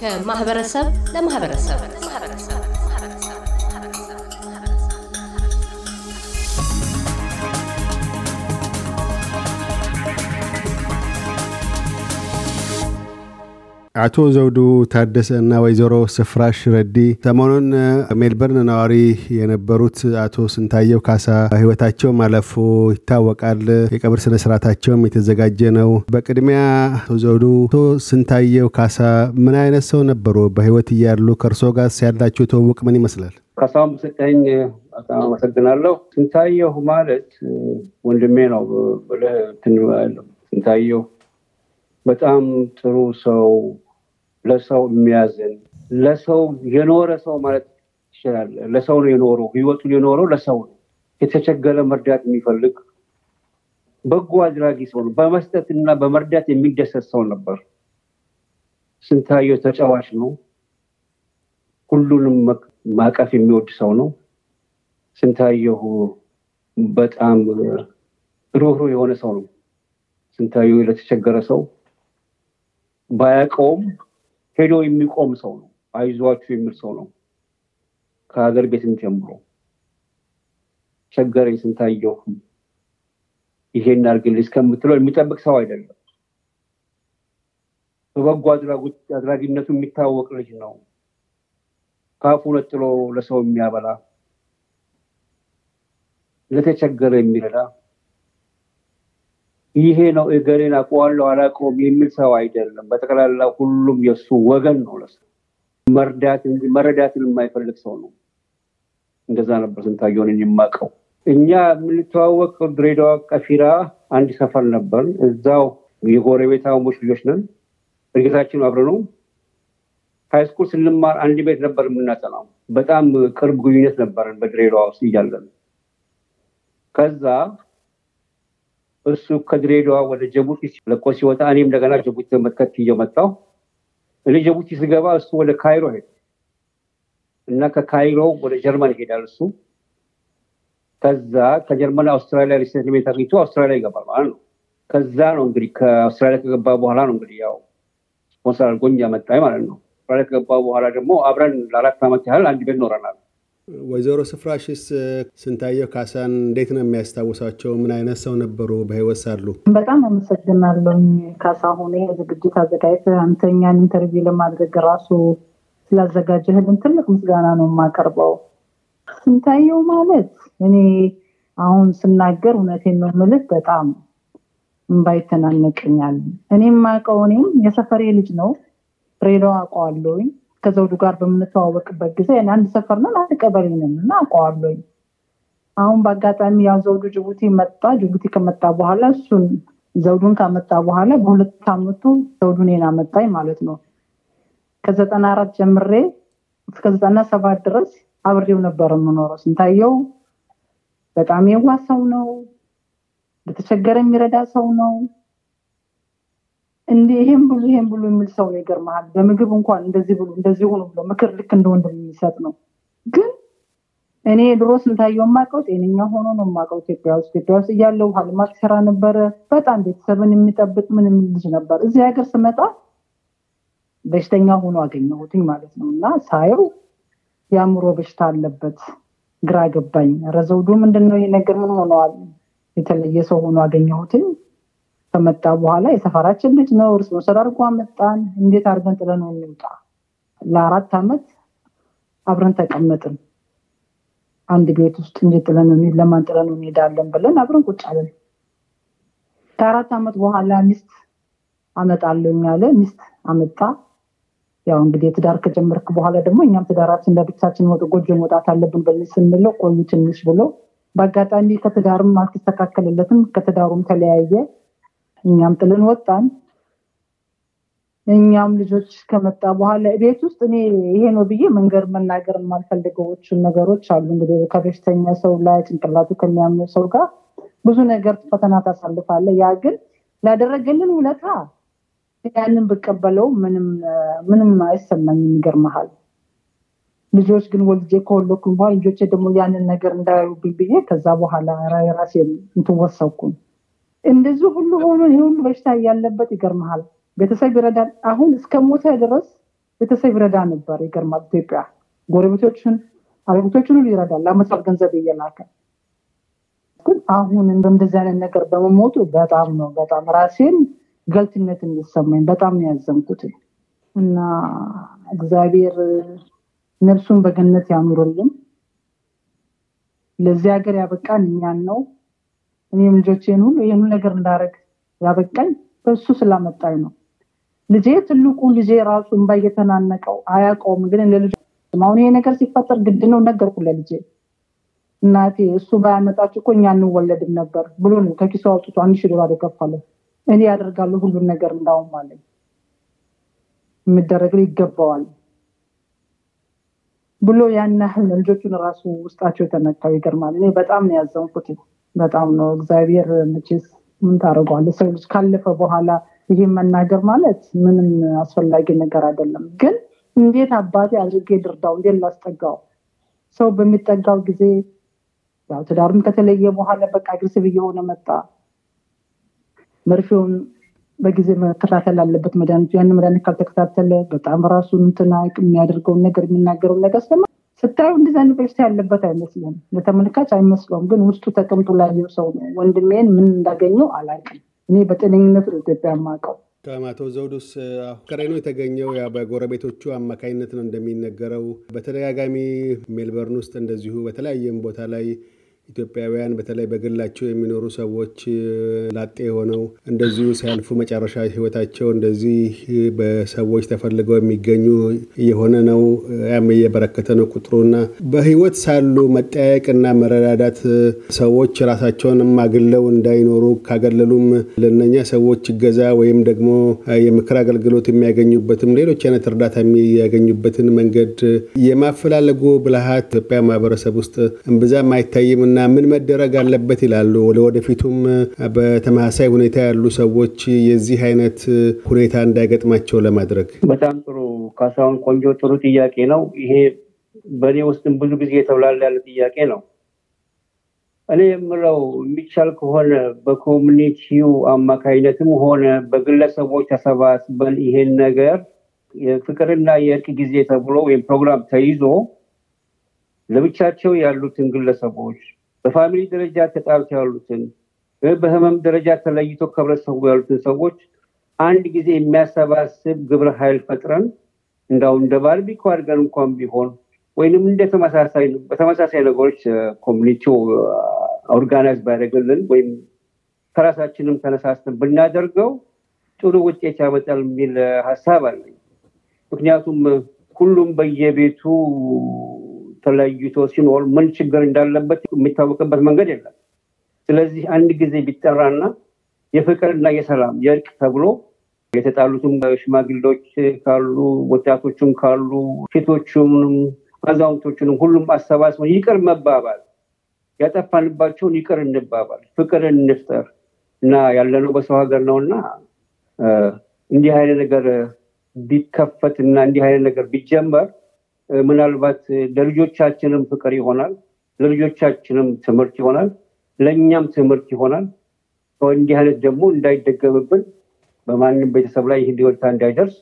ከማህበረሰብ ለማህበረሰብ አቶ ዘውዱ ታደሰ እና ወይዘሮ ስፍራሽ ረዲ ሰሞኑን ሜልበርን ነዋሪ የነበሩት አቶ ስንታየው ካሳ ህይወታቸው ማለፉ ይታወቃል። የቀብር ስነ ስርዓታቸውም የተዘጋጀ ነው። በቅድሚያ አቶ ዘውዱ፣ አቶ ስንታየው ካሳ ምን አይነት ሰው ነበሩ? በህይወት እያሉ ከእርሶ ጋር ያላቸው ትውውቅ ምን ይመስላል? ካሳም ስጠኝ በጣም አመሰግናለሁ። ስንታየሁ ማለት ወንድሜ ነው ብለህ ትንባያለሁ። ስንታየሁ በጣም ጥሩ ሰው ለሰው የሚያዝን ለሰው የኖረ ሰው ማለት ይችላል። ለሰው ነው የኖረው፣ ህይወቱን የኖረው ለሰው ነው። የተቸገረ መርዳት የሚፈልግ በጎ አድራጊ ሰው ነው። በመስጠት እና በመርዳት የሚደሰት ሰው ነበር። ስንታየው ተጫዋች ነው። ሁሉንም ማቀፍ የሚወድ ሰው ነው። ስንታየሁ በጣም ሩህሩህ የሆነ ሰው ነው። ስንታየሁ ለተቸገረ ሰው ባያውቀውም ሄዶ የሚቆም ሰው ነው። አይዟችሁ የሚል ሰው ነው። ከሀገር ቤትም ጀምሮ ቸገረኝ ስንታየሁ ይሄን አርግል እስከምትለው የሚጠብቅ ሰው አይደለም። በበጎ አድራጊነቱ የሚታወቅ ልጅ ነው። ካፉ ነጥሎ ለሰው የሚያበላ ለተቸገረ የሚረዳ ይሄ ነው እገሌን አውቀዋለሁ አላቀውም የሚል ሰው አይደለም። በጠቅላላ ሁሉም የእሱ ወገን ነው። ለሱ መርዳት እንጂ መረዳትን የማይፈልግ ሰው ነው። እንደዛ ነበር ስንታየውን የማቀው እኛ የምንተዋወቅ ድሬዳዋ ቀፊራ አንድ ሰፈር ነበር። እዛው የጎረቤታሞች ልጆች ነን። እድገታችን አብረ ነው። ሃይስኩል ስንማር አንድ ቤት ነበር የምናጠናው። በጣም ቅርብ ግንኙነት ነበረን በድሬዳዋ ውስጥ እያለን ከዛ እሱ ከድሬዳዋ ወደ ጅቡቲ ለቆ ሲወጣ እኔም እንደገና ጅቡቲ መትከት እየመጣሁ እኔ ጅቡቲ ስገባ እሱ ወደ ካይሮ ሄደ እና ከካይሮ ወደ ጀርመን ይሄዳል እሱ ከዛ ከጀርመን አውስትራሊያ ሪሴትልሜንት አግኝቶ አውስትራሊያ ይገባል ማለት ነው። ከዛ ነው እንግዲህ ከአውስትራሊያ ከገባ በኋላ ነው እንግዲህ ያው ስፖንሰር አድርጎኝ ያመጣኝ ማለት ነው። አውስትራሊያ ከገባ በኋላ ደግሞ አብረን ለአራት ዓመት ያህል አንድ ቤት ኖረናል። ወይዘሮ ስፍራሽስ ስንታየው ካሳን እንዴት ነው የሚያስታውሳቸው? ምን አይነት ሰው ነበሩ በህይወት ሳሉ? በጣም አመሰግናለሁ ካሳሁን፣ ይሄ ዝግጅት አዘጋጅተህ አንተኛን ኢንተርቪው ለማድረግ ራሱ ስላዘጋጀህልን ትልቅ ምስጋና ነው የማቀርበው። ስንታየው ማለት እኔ አሁን ስናገር እውነቴን ነው የምልህ፣ በጣም እምባ ይተናነቀኛል። እኔም አውቀው እኔም የሰፈሬ ልጅ ነው፣ ሬዳው አውቀዋለሁኝ ከዘውዱ ጋር በምንተዋወቅበት ጊዜ አንድ ሰፈር ነን፣ አንድ ቀበሌ ነን እና አውቀዋለኝ። አሁን በአጋጣሚ ያው ዘውዱ ጅቡቲ መጣ። ጅቡቲ ከመጣ በኋላ እሱን ዘውዱን ካመጣ በኋላ በሁለት አመቱ ዘውዱን ና አመጣኝ ማለት ነው። ከዘጠና አራት ጀምሬ እስከ ዘጠና ሰባት ድረስ አብሬው ነበር የምኖረው። ስንታየው በጣም የዋ ሰው ነው። ለተቸገረ የሚረዳ ሰው ነው። እንዴ ይሄን ብሉ ይሄም ብሉ የሚል ሰው ነው። ይገርመሃል። በምግብ እንኳን እንደዚህ ብሉ እንደዚህ ሆኑ ብሎ ምክር ልክ እንደወንድ የሚሰጥ ነው። ግን እኔ ድሮ ስንታየው የማውቀው ጤነኛ ሆኖ ነው የማውቀው። ኢትዮጵያ ውስጥ ኢትዮጵያ ውስጥ እያለሁ ሀልማት ስራ ነበረ። በጣም ቤተሰብን የሚጠብቅ ምን የሚል ልጅ ነበር። እዚህ ሀገር ስመጣ በሽተኛ ሆኖ አገኘሁትኝ ማለት ነው። እና ሳየው የአእምሮ በሽታ አለበት። ግራ ገባኝ። ረዘውዱ ምንድነው ይህ ነገር? ምን ሆነዋል? የተለየ ሰው ሆኖ አገኘሁትኝ ከመጣ በኋላ የሰፈራችን ልጅ ነው። እርስ በርስ ተዳርጎ መጣን። እንዴት አድርገን ጥለነው እንውጣ? ለአራት አመት አብረን ተቀመጥን። አንድ ቤት ውስጥ እንዴት ጥለነው ለማን ጥለነው እንሄዳለን ብለን አብረን ቁጭ አለን። ከአራት አመት በኋላ ሚስት አመጣለሁ ያለ ሚስት አመጣ። ያው እንግዲህ ትዳር ከጀመርክ በኋላ ደግሞ እኛም ትዳራችን ለብቻችን ጎጆ መውጣት አለብን በሚል ስንለው ቆዩ ትንሽ ብሎ በአጋጣሚ ከትዳርም አልተስተካከለለትም። ከትዳሩም ተለያየ። እኛም ጥልን ወጣን። እኛም ልጆች ከመጣ በኋላ ቤት ውስጥ እኔ ይሄ ነው ብዬ መንገር መናገር የማልፈልገዎችን ነገሮች አሉ። እንግዲህ ከበሽተኛ ሰው ላይ ጭንቅላቱ ከሚያምኑ ሰው ጋር ብዙ ነገር ፈተና ታሳልፋለ። ያ ግን ላደረገልን ውለታ ያንን ብቀበለው ምንም አይሰማኝ። ይገርመሃል። ልጆች ግን ወልጄ ከወለኩኝ በኋላ ልጆቼ ደግሞ ያንን ነገር እንዳያዩብኝ ብዬ ከዛ በኋላ ራሴ እንትን ወሰንኩኝ። እንደዚህ ሁሉ ሆኖ ይህ ሁሉ በሽታ ያለበት ይገርመሃል። ቤተሰብ ይረዳ አሁን እስከ ሞተ ድረስ ቤተሰብ ይረዳ ነበር። ይገርማል። ኢትዮጵያ ጎረቤቶችን፣ አረቤቶችን ሁሉ ይረዳል። ለመሳል ገንዘብ እየላከ ግን አሁን እንደዚህ አይነት ነገር በመሞቱ በጣም ነው በጣም ራሴን ገልትነት የሚሰማኝ በጣም ነው ያዘንኩት እና እግዚአብሔር ነፍሱን በገነት ያኑርልን። ለዚህ ሀገር ያበቃን እኛን ነው። እኔም ልጆቼን ሁሉ ይህን ነገር እንዳደረግ ያበቃኝ በሱ ስላመጣኝ ነው። ልጄ ትልቁ ልጄ ራሱ እንባ እየተናነቀው አያውቀውም። ግን ለልጆ አሁን ይሄ ነገር ሲፈጠር ግድ ነው ነገርኩ ለልጄ እናቴ እሱ ባያመጣችሁ እኮ እኛ እንወለድም ነበር ብሎ ነው ከኪሱ አውጥቶ አንድ ሺህ ዶላር የከፈለው። እኔ ያደርጋለሁ ሁሉን ነገር እንዳውም አለኝ የሚደረግ ይገባዋል ብሎ ያን ያህል ልጆቹን ራሱ ውስጣቸው የተነካው ይገርማል። እኔ በጣም ነው ያዘንኩት። በጣም ነው እግዚአብሔር መቼስ ምን ታደርገዋል ሰው ልጅ ካለፈ በኋላ ይህ መናገር ማለት ምንም አስፈላጊ ነገር አይደለም ግን እንዴት አባቴ አድርጌ ድርዳው እንዴት ላስጠጋው ሰው በሚጠጋው ጊዜ ያው ትዳሩም ከተለየ በኋላ በቃ አግሬሲቭ እየሆነ መጣ መርፌውን በጊዜ መከታተል አለበት መድኒቱ ያን መድኒት ካልተከታተለ በጣም ራሱን እንትና የሚያደርገውን ነገር የሚናገረውን ነገር ስለማ ስታዩ እንደዛ ዩኒቨርሲቲ ያለበት አይመስለም ለተመልካች አይመስለውም። ግን ውስጡ ተቀምጦ ላየው ሰው ነው። ወንድሜን ምን እንዳገኘው አላቅም እኔ በጤነኝነቱ ኢትዮጵያ ማቀው ከማቶ ዘውዱስ ፍቅሬ ነው የተገኘው በጎረቤቶቹ አማካኝነት ነው እንደሚነገረው። በተደጋጋሚ ሜልበርን ውስጥ እንደዚሁ በተለያየም ቦታ ላይ ኢትዮጵያውያን በተለይ በግላቸው የሚኖሩ ሰዎች ላጤ የሆነው እንደዚሁ ሲያልፉ መጨረሻ ህይወታቸው እንደዚህ በሰዎች ተፈልገው የሚገኙ እየሆነ ነው። ያም እየበረከተ ነው ቁጥሩና በህይወት ሳሉ መጠያየቅና መረዳዳት ሰዎች ራሳቸውንም አግለው እንዳይኖሩ ካገለሉም ለነኛ ሰዎች እገዛ ወይም ደግሞ የምክር አገልግሎት የሚያገኙበትም ሌሎች አይነት እርዳታ የሚያገኙበትን መንገድ የማፈላለጉ ብልሃት ኢትዮጵያ ማህበረሰብ ውስጥ እምብዛም አይታይም። እና ምን መደረግ አለበት ይላሉ። ለወደፊቱም በተመሳሳይ ሁኔታ ያሉ ሰዎች የዚህ አይነት ሁኔታ እንዳይገጥማቸው ለማድረግ በጣም ጥሩ ካሳሁን፣ ቆንጆ ጥሩ ጥያቄ ነው ይሄ። በእኔ ውስጥም ብዙ ጊዜ የተብላላ ያለ ጥያቄ ነው። እኔ የምለው የሚቻል ከሆነ በኮሚኒቲው አማካኝነትም ሆነ በግለሰቦች ተሰባስበን ይሄን ነገር የፍቅርና የእርቅ ጊዜ ተብሎ ወይም ፕሮግራም ተይዞ ለብቻቸው ያሉትን ግለሰቦች በፋሚሊ ደረጃ ተጣልተው ያሉትን በህመም ደረጃ ተለይቶ ከህብረተሰቡ ያሉትን ሰዎች አንድ ጊዜ የሚያሰባስብ ግብረ ኃይል ፈጥረን እንዳሁም እንደ ባርቢኮ አድርገን እንኳን ቢሆን ወይንም እንደ በተመሳሳይ ነገሮች ኮሚኒቲ ኦርጋናይዝ ባያደርግልን ወይም ከራሳችንም ተነሳስተን ብናደርገው ጥሩ ውጤት ያመጣል የሚል ሀሳብ አለኝ። ምክንያቱም ሁሉም በየቤቱ ተለይቶ ሲኖር ምን ችግር እንዳለበት የሚታወቅበት መንገድ የለም። ስለዚህ አንድ ጊዜ ቢጠራና የፍቅርና የሰላም የእርቅ ተብሎ የተጣሉትም ሽማግሌዎች ካሉ፣ ወጣቶችም ካሉ፣ ሴቶቹንም አዛውንቶቹንም ሁሉም አሰባስበ ይቅር መባባል ያጠፋንባቸውን ይቅር እንባባል፣ ፍቅር እንፍጠር እና ያለነው በሰው ሀገር ነው እና እንዲህ አይነት ነገር ቢከፈት እና እንዲህ አይነት ነገር ቢጀመር ምናልባት ለልጆቻችንም ፍቅር ይሆናል፣ ለልጆቻችንም ትምህርት ይሆናል፣ ለእኛም ትምህርት ይሆናል። እንዲህ አይነት ደግሞ እንዳይደገምብን በማንም ቤተሰብ ላይ ይህ ሊወልታ እንዳይደርስ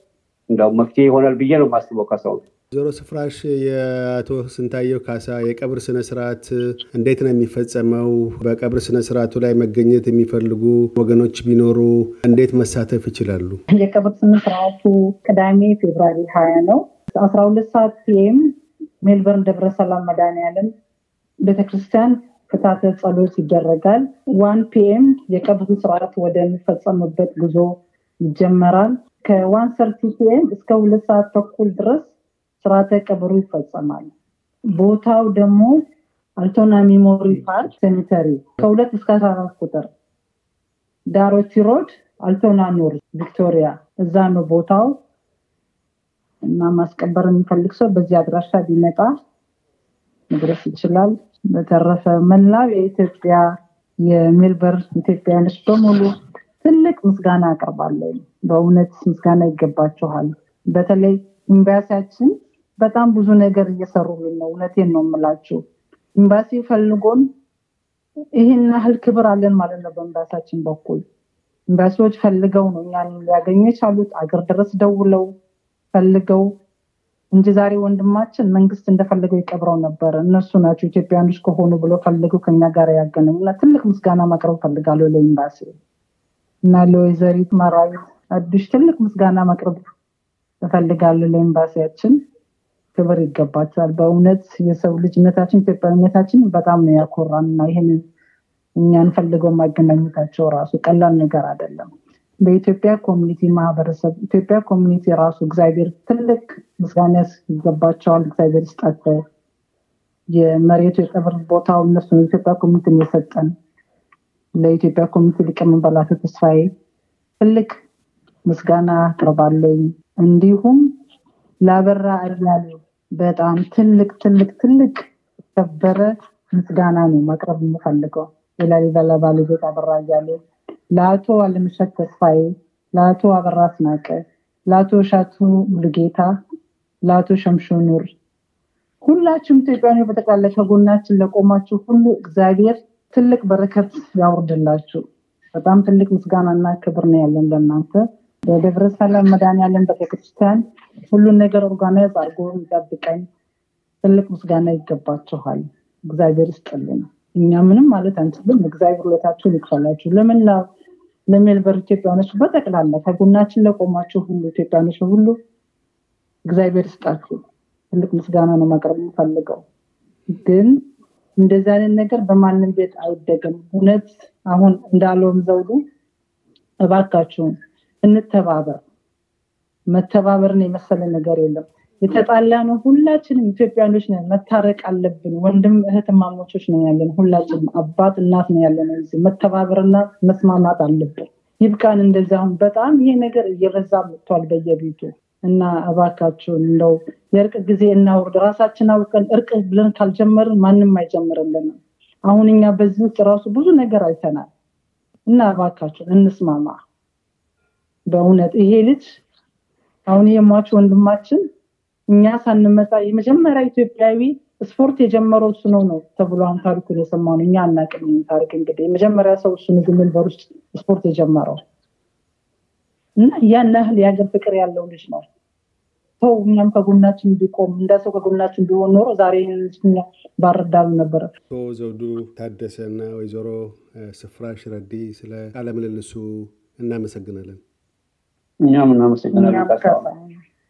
እንዳውም መፍትሄ ይሆናል ብዬ ነው የማስበው። ካሳሁን ዞሮ ስፍራሽ የአቶ ስንታየው ካሳ የቀብር ስነስርዓት እንዴት ነው የሚፈጸመው? በቀብር ስነስርዓቱ ላይ መገኘት የሚፈልጉ ወገኖች ቢኖሩ እንዴት መሳተፍ ይችላሉ? የቀብር ስነስርዓቱ ቅዳሜ ፌብራሪ ሀያ ነው። አስራ ሁለት ሰዓት ፒኤም ሜልበርን ደብረ ሰላም መድኃኔዓለም ቤተክርስቲያን ፍታተ ጸሎት ይደረጋል። ዋን ፒኤም የቀብሩ ስርዓት ወደሚፈጸምበት ጉዞ ይጀመራል። ከዋን ሰርቲ ፒኤም እስከ ሁለት ሰዓት ተኩል ድረስ ስርዓተ ቀብሩ ይፈጸማል። ቦታው ደግሞ አልቶና ሚሞሪ ፓርክ ሴሚተሪ ከሁለት እስከ አስራ አራት ቁጥር ዳሮቲ ሮድ አልቶና ኖር ቪክቶሪያ እዛ ነው ቦታው እና ማስቀበር የሚፈልግ ሰው በዚህ አድራሻ ቢመጣ መድረስ ይችላል። በተረፈ መላው የኢትዮጵያ የሜልበርን ኢትዮጵያውያኖች በሙሉ ትልቅ ምስጋና አቀርባለሁ። በእውነት ምስጋና ይገባችኋል። በተለይ ኤምባሲያችን በጣም ብዙ ነገር እየሰሩልን ነው። እውነቴን ነው የምላችሁ። ኤምባሲ ፈልጎን ይህን ያህል ክብር አለን ማለት ነው በኤምባሲያችን በኩል ኤምባሲዎች ፈልገው ነው እኛን ሊያገኙ የቻሉት አገር ድረስ ደውለው ፈልገው እንጂ ዛሬ ወንድማችን መንግስት እንደፈለገው ይቀብረው ነበር። እነሱ ናቸው ኢትዮጵያኖች ከሆኑ ብሎ ፈልገው ከኛ ጋር ያገነሙ እና ትልቅ ምስጋና ማቅረብ ፈልጋለሁ ለኤምባሲ እና ለወይዘሪት መራዊት አዱሽ ትልቅ ምስጋና ማቅረብ እፈልጋለሁ። ለኤምባሲያችን ክብር ይገባቸዋል። በእውነት የሰው ልጅነታችን ኢትዮጵያዊነታችን በጣም ነው ያኮራን እና ይህን እኛን ፈልገው ማገናኘታቸው ራሱ ቀላል ነገር አይደለም። በኢትዮጵያ ኮሚኒቲ ማህበረሰብ ኢትዮጵያ ኮሚኒቲ ራሱ እግዚአብሔር ትልቅ ምስጋና ይገባቸዋል። እግዚአብሔር ይስጣቸው። የመሬቱ የቀብር ቦታው እነሱ ኢትዮጵያ ኮሚኒቲ የሰጠን ለኢትዮጵያ ኮሚኒቲ ሊቀመንበር አቶ ተስፋዬ ትልቅ ምስጋና አቅርባለኝ። እንዲሁም ላበራ አያሌ በጣም ትልቅ ትልቅ ትልቅ ከበረ ምስጋና ነው ማቅረብ የምፈልገው የላሊበላ ባለቤት አበራ አያሌ ለአቶ አለምሸት ተስፋዬ፣ ለአቶ አበራ አስናቀ፣ ለአቶ ሻቱ ሙሉጌታ፣ ለአቶ ሸምሾ ኑር ሁላችሁም ኢትዮጵያን በጠቅላላ ከጎናችን ለቆማችሁ ሁሉ እግዚአብሔር ትልቅ በረከት ያውርድላችሁ። በጣም ትልቅ ምስጋናና ክብር ነው ያለን ለእናንተ። በደብረ ሰላም መድኃኔዓለም ቤተክርስቲያን ሁሉን ነገር ኦርጋናይዝ አድርጎ ይጠብቀን። ትልቅ ምስጋና ይገባችኋል። እግዚአብሔር ይስጥልን። እኛ ምንም ማለት አንችልም። እግዚአብሔር ሁለታችሁን ይክፈላችሁ ለምን ለሜልበር ኢትዮጵያኖች በጠቅላላ ከጎናችን ለቆማችሁ ሁሉ ኢትዮጵያኖች ሁሉ እግዚአብሔር ይስጣችሁ። ትልቅ ምስጋና ነው ማቅረብ የምፈልገው። ግን እንደዚህ አይነት ነገር በማንም ቤት አይደገም። እውነት አሁን እንዳለውም ዘውዱ እባካችሁን እንተባበር። መተባበርን የመሰለ ነገር የለም። የተጣላ ነው። ሁላችንም ኢትዮጵያኖች ነን፣ መታረቅ አለብን። ወንድም እህት ማሞቾች ነው ያለን፣ ሁላችንም አባት እናት ነው ያለን። መተባበርና መስማማት አለብን። ይብቃን እንደዚህ። አሁን በጣም ይሄ ነገር እየበዛ መጥቷል በየቤቱ እና እባካችሁን እንደው የእርቅ ጊዜ እናውርድ። ራሳችን አውቀን እርቅ ብለን ካልጀመርን ማንም አይጀምርልንም። አሁን እኛ በዚህ ውስጥ ራሱ ብዙ ነገር አይተናል እና እባካችሁን እንስማማ። በእውነት ይሄ ልጅ አሁን የሟች ወንድማችን እኛ ሳንመጣ የመጀመሪያ ኢትዮጵያዊ ስፖርት የጀመረው እሱ ነው ነው ተብሎ አሁን ታሪኩን የሰማ ነው። እኛ አናቅም ታሪክ እንግዲህ የመጀመሪያ ሰው እሱ ምግብ መንበር ውስጥ ስፖርት የጀመረው እና ያን ያህል የሀገር ፍቅር ያለው ልጅ ነው። ሰው እኛም ከጎናችን ቢቆም እንደ ሰው ከጎናችን ቢሆን ኖሮ ዛሬ ባረዳሉ ነበረ። ዘውዱ ታደሰ እና ወይዘሮ ስፍራ ሽረዲ ስለ ቃለምልልሱ እናመሰግናለን። እኛም እናመሰግናለን።